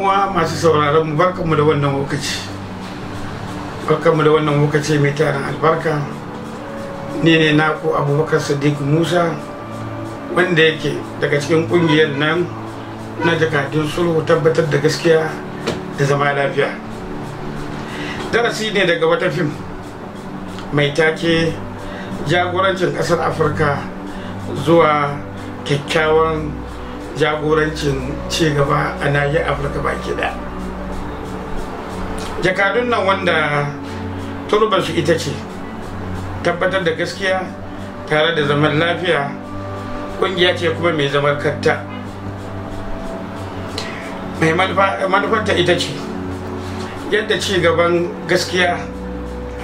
uwa masu sauraron mu mu da wannan lokaci mu da wannan lokaci mai tarin albarka ne ne ku abubakar sadiq musa wanda yake daga cikin kungiyar nan na jakadun sulhu tabbatar da gaskiya da zama lafiya darasi ne daga wata fim mai take jagorancin kasar afirka zuwa kyakkyawan jagorancin cigaba a nahiyar afirka baki da jakadun nan wanda turbarsu ita ce tabbatar da gaskiya tare da zaman lafiya kungiya ce kuma mai zaman katta mai manufarta ita ce yadda ci gaban gaskiya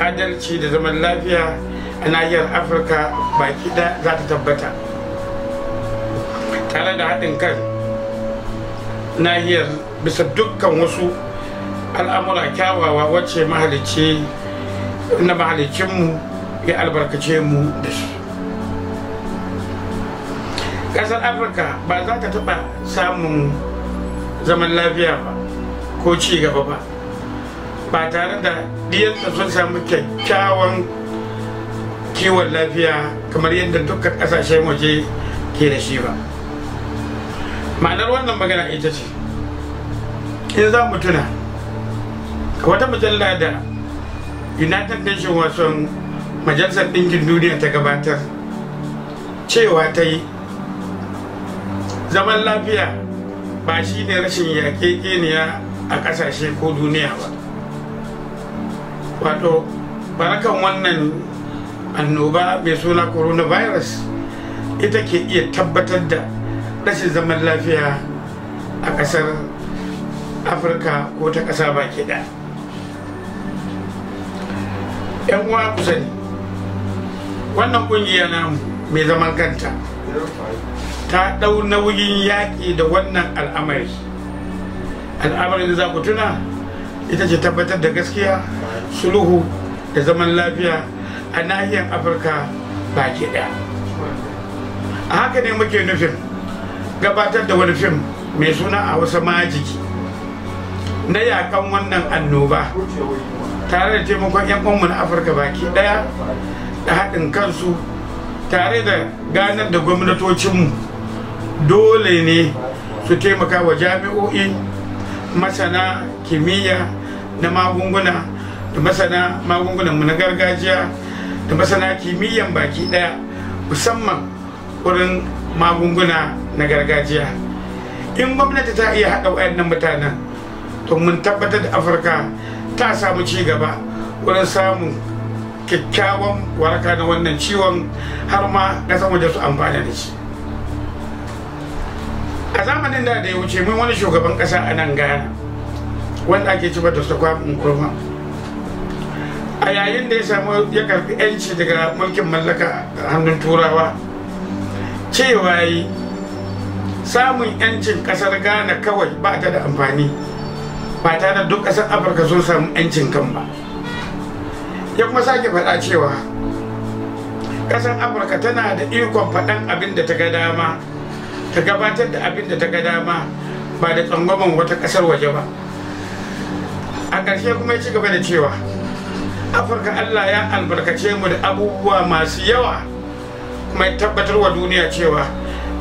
adalci da zaman lafiya a nahiyar afirka baki da za ta tabbata da haɗin kan nahiyar bisa dukkan wasu al'amura kyawawa wacce mahalicci na mahalicinmu ya albarkace mu da shi ƙasar afirka ba za ta taɓa samun zaman lafiya ba ko ci gaba ba ba tare da ɗiyarta sun samu kyakkyawan kiwon lafiya kamar yadda dukkan ƙasashen waje ke da shi ba. ma'anar wannan magana ita ce in za mu tuna wata mujalla da united Nation wasan majalisar ɗinkin duniya ta gabatar cewa ta yi zaman lafiya ba shi ne rashin yaƙeƙeniya a ƙasashe ko duniya ba wato barakan wannan annoba mai suna coronavirus ita ke iya tabbatar da rashin zaman lafiya a ƙasar afirka ko ta ƙasa ke da yan uwa kusa ne wannan ƙungiya na mai zaman kanta ta ɗau nauyin yaƙi da wannan al'amari al'amarin za ku tuna ita ce tabbatar da gaskiya suluhu da zaman lafiya a nahiyar afirka ba ke ɗaya a haka ne muke nufin gabatar da wani fim mai suna a wasu majiki na yakan wannan annoba tare da taimakon 'yan uwanmu na afirka baki daya da haɗin kansu tare da ganar da gwamnatocinmu dole ne su taimaka wa jami'o'i masana kimiyya na magunguna da masana magungunanmu na gargajiya da masana kimiyyan baki daya musamman wurin magunguna na gargajiya in gwamnati ta iya haɗa wayannan mutanen to mun tabbatar da afirka ta samu ci gaba wurin samun kyakkyawan waraka na wannan ciwon har ma ƙasar waje su amfana da shi a zamanin da da ya wuce mun wani shugaban ƙasa a nan gana wanda ake ci da su kwafin kurma a yayin da ya samu ya karfi yanci daga mulkin mallaka a hannun turawa cewa yi samun yancin kasar ghana kawai ba ta da amfani ba ta da duk kasar afirka sun samu yancin kan ba ya kuma sake faɗa cewa kasar afirka tana da ikon faɗan abin da ta ga dama ta gabatar da abin da ta ga dama ba da tsangwamin wata kasar waje ba a ƙarshe kuma ya ci gaba da cewa afirka allah ya albarkace mu da abubuwa masu yawa mai tabbatar wa duniya cewa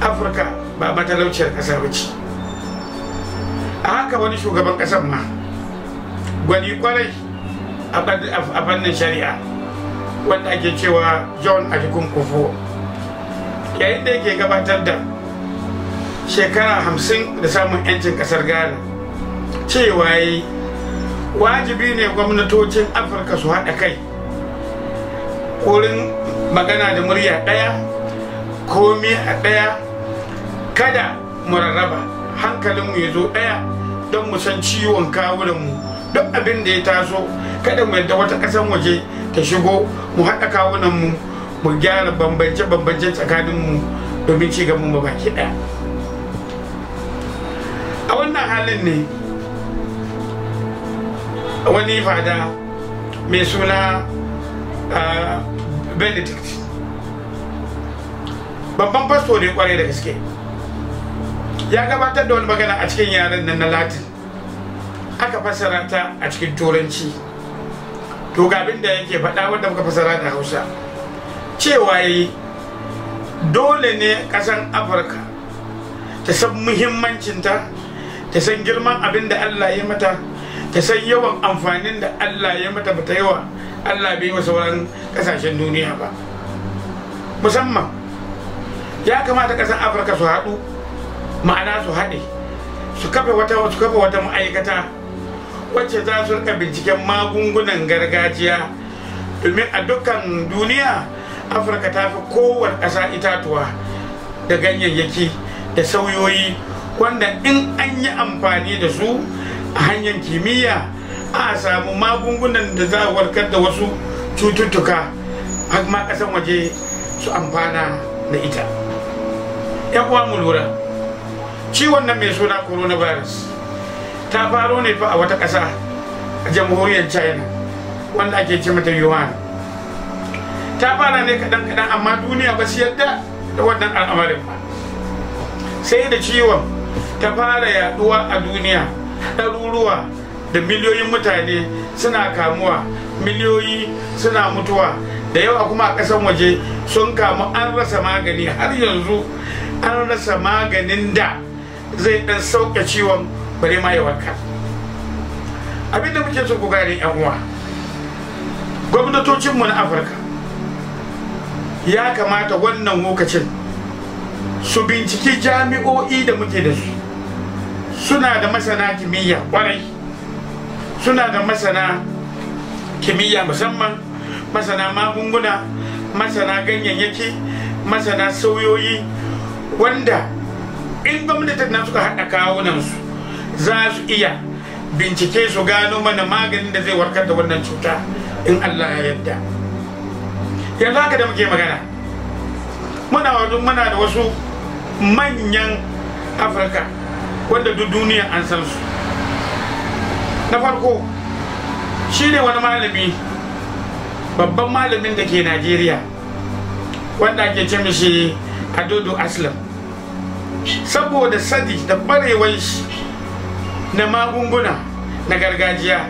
afirka ba matalauciyar ƙasa ba ce a haka wani shugaban ƙasar ma gwani kwarai a fannin shari'a wanda ake cewa john ajikun kufo yayin da yake gabatar da shekara hamsin da samun 'yancin ƙasar ghana cewa yi wajibi ne gwamnatocin afirka su haɗa kai kurin. magana da murya ɗaya komi a ɗaya kada mu rarraba hankalinmu ya zo ɗaya don mu san ciwon mu don abin da ya taso kada mu yadda wata ƙasan waje ta shigo mu haɗa kawunan mu mu gyara bambance-bambance tsakaninmu domin ci gaban mu baki ɗaya a wannan halin ne wani fada mai suna ah, benedict babban fasto ne kwarai da gaske ya gabatar da wani magana a cikin yaren nan na latin aka fassara ta a cikin turanci to ga abin da yake faɗa wanda muka fassara da hausa cewa yi dole ne ƙasan afirka ta san muhimmancinta ta san girman abin da allah ya mata ta san yawan amfanin da allah ya mata ta yawa allah bai wa sauran kasashen duniya ba musamman ya kamata kasan afirka su haɗu ma'ana su haɗe su kafa wata su kafa wata ma'aikata wacce za su rika binciken magungunan gargajiya domin a dukkan duniya afirka ta fi kowar ƙasa itatuwa da ganyayyaki da sauyoyi wanda in an yi amfani da su a hanyar kimiyya a samu magungunan da za a warkar da wasu cututtuka har ma kasan waje su amfana da ita yan uwa mu lura ciwon nan mai suna coronavirus ta faro ne fa a wata ƙasa a jamhuriyar china wanda ake ce mata yuan ta fara ne kaɗan kaɗan amma duniya ba su yadda da wannan al'amarin ba sai da ciwon ta fara yaduwa a duniya ɗaruruwa da miliyoyin mutane suna kamuwa miliyoyi suna mutuwa da yawa kuma a ƙasan waje sun kamu an rasa magani har yanzu an rasa maganin da zai ɗan sauƙa ciwon bare ma ya abinda muke so ku gane yan uwa gwamnatocinmu na afirka ya kamata wannan lokacin su binciki jami'o'i da muke da su suna da masana kimiyya kwarai suna da masana kimiyya musamman masana magunguna masana ganyayyaki masana sauyoyi wanda in gwamnatin na suka haɗa kawunansu za su iya bincike su gano mana maganin da zai warkar da wannan cuta in allah ya yadda yanzu haka da muke magana muna wajen muna da wasu manyan afirka wanda duk duniya an san su na farko shine wani malami babban malamin da ke najeriya wanda ake ce mishi adodo aslam saboda sadi da barewai shi na magunguna na gargajiya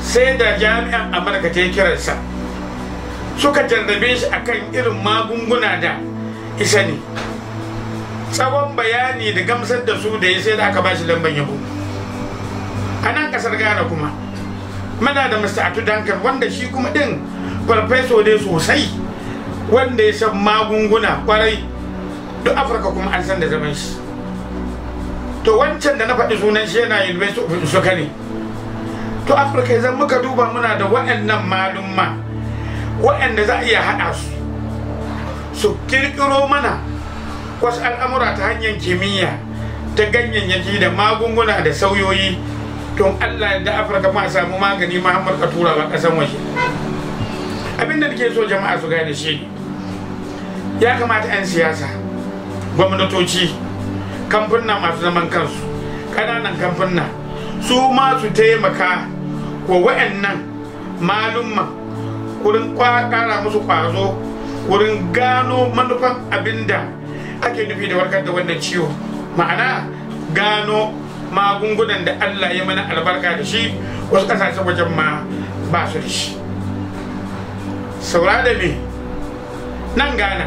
sai da jami'an amurka ta yi kiransa suka jarrabe shi akan irin magunguna da isa ne tsawon bayani da gamsar da su da ya sai da aka ba shi lamban yabo kasar ghana kuma muna da mr atu duncan wanda shi kuma din farfeso ne sosai wanda ya san magunguna kwarai duk afirka kuma an san da zaman shi to wancan da na faɗi sunan shi yana university of suka ne to afirka idan muka duba muna da waɗannan malumma waɗanda za a iya haɗa su su kirkiro mana wasu al'amura ta hanyar kimiyya ta ganyayyaki da magunguna da sauyoyi don allah da afirka ma samu magani ma har ka tura ba kasan waje abin da ke so jama'a su gane shi ya kamata 'yan siyasa gwamnatoci kamfuna masu zaman kansu ƙananan kamfuna su ma su taimaka ko wa'annan malumma wurin ƙara musu ƙwazo wurin gano manufan abin da ake nufi da warkar da wannan ciwo ma'ana gano magungunan da Allah ya mana albarka da shi wasu kasashe wajen ma ba su da shi saura da me nan gana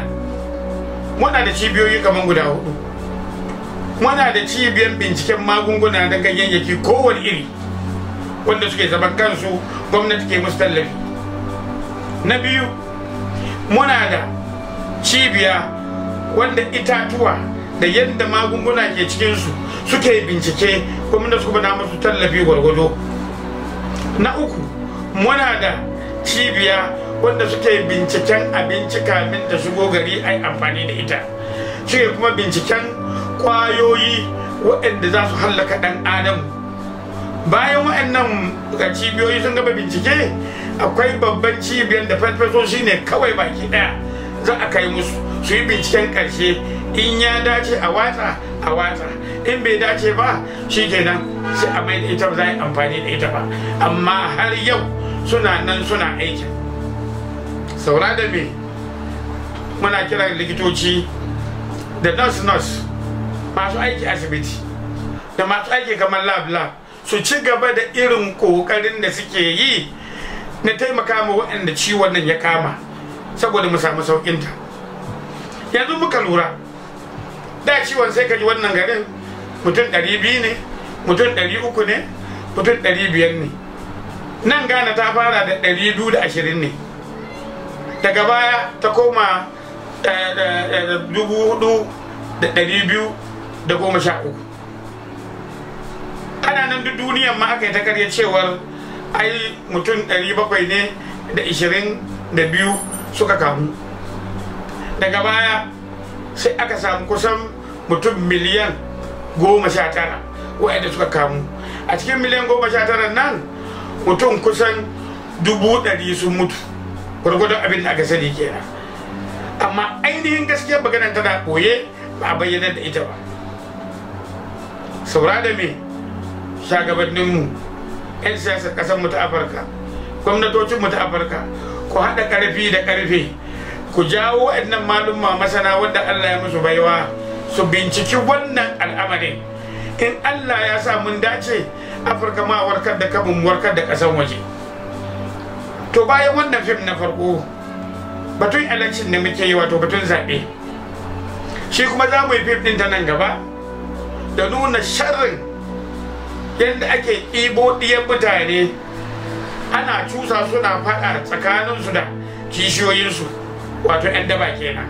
muna da cibiyoyi kamar guda hudu muna da cibiyar binciken magunguna da ganyayyaki kowane iri wanda suke zaman kansu gwamnati ke musu tallafi na biyu muna da cibiya wanda itatuwa da yadda magunguna ke cikinsu suke bincike kuma da suka bada musu tallafi gwargwado na uku muna da cibiya wanda suke binciken abinci kamin da shigo gari a amfani da ita suke kuma binciken kwayoyi waɗanda za su hallaka ɗan adam bayan waɗannan cibiyoyi sun gaba bincike akwai babban cibiyar da farfesoshi ne kawai baki ɗaya za a kai musu su yi binciken ƙarshe in ya dace a watsa a watsa in bai dace ba shi kenan sai a mai ita ba za a amfani da ita ba amma har yau suna nan suna aiki saura da me muna kira likitoci da nurse nurse masu aiki asibiti da masu aiki kamar lab lab su ci gaba da irin kokarin da suke yi na taimaka ma waɗanda ciwon nan ya kama saboda mu samu sauƙinta yanzu muka lura da ciwon sai ka ji wannan garin mutum ɗari biyu ne mutum ɗari uku ne mutum ɗari biyar ne nan gana ta fara da ɗari biyu da ashirin ne daga baya ta koma eh, eh, eh, dubu hudu da ɗari biyu da goma sha uku ana nan duk duniyan ma aka yi ta karya cewar ai mutum ɗari bakwai ne da ashirin da biyu suka kamu daga baya sai aka samu kusan mutum miliyan goma sha tara waɗanda suka kamu a cikin miliyan goma sha tara nan mutum kusan dubu ɗari sun mutu gwargwadon abin da aka sani kenan amma ainihin gaskiyar maganar tana koye ba a bayyana da ita ba saura da me shagabanninmu 'yan siyasar ƙasar mu ta afirka mu ta afirka ku haɗa ƙarfi da ƙarfe ku jawo waɗannan malumma masana wanda Allah ya musu baiwa su binciki wannan al'amarin in Allah ya sa mun dace Afirka ma warkar da kabin warkar da ƙasan waje to bayan wannan fim na farko batun election da muke yi wato batun zaɓe shi kuma za mu yi fim ɗin ta nan gaba da nuna sharrin yadda ake ibo ɗiyar mutane ana cusa suna faɗa tsakaninsu da kishiyoyinsu wato 'yan daba kenan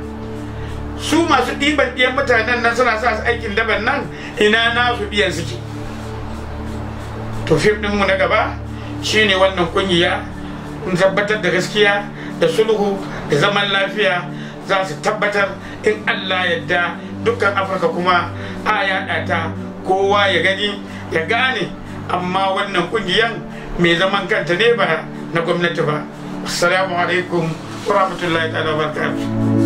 su masu ɗiban ɗiyan mutanen nan suna sa su aikin daban nan ina na su biyan suke to fim ɗinmu na gaba shine wannan kungiya in tabbatar da gaskiya da sulhu da zaman lafiya za su tabbatar in allah yadda dukkan afirka kuma a yaɗa ta kowa ya gani ya gane amma wannan ƙungiyan mai zaman kanta ne ba na gwamnati ba assalamu alaikum wa rahmatullahi taala wa barakatu